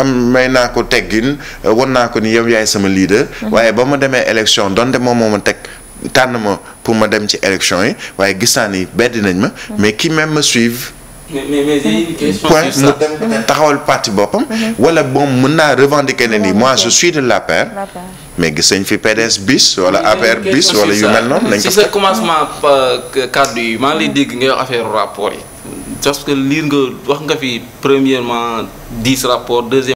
am may naa ko teggin euh, won naa ko ni yow yaay sama leader. Mhm. waaye ba ma demee élection donte moom moo ma teg tànn ma pour ma dem ci élection yi waaye gis naa ni beddi nañ ma. Mhm. mais qui même me suivent. point mu mhm. taxawal parti boppam. wala moom mën naa revendiquer ne ni mois je suis de l'APR. mais gis nañ fi PDS bis wala APR bis wala yu mel noonu. nañ ko si sa commencement euh, kàddu yi maa ngi lay dégg ngay wax affaire rapport yi. parce que lire nga wax nga fi premièrement dix rapports deuxième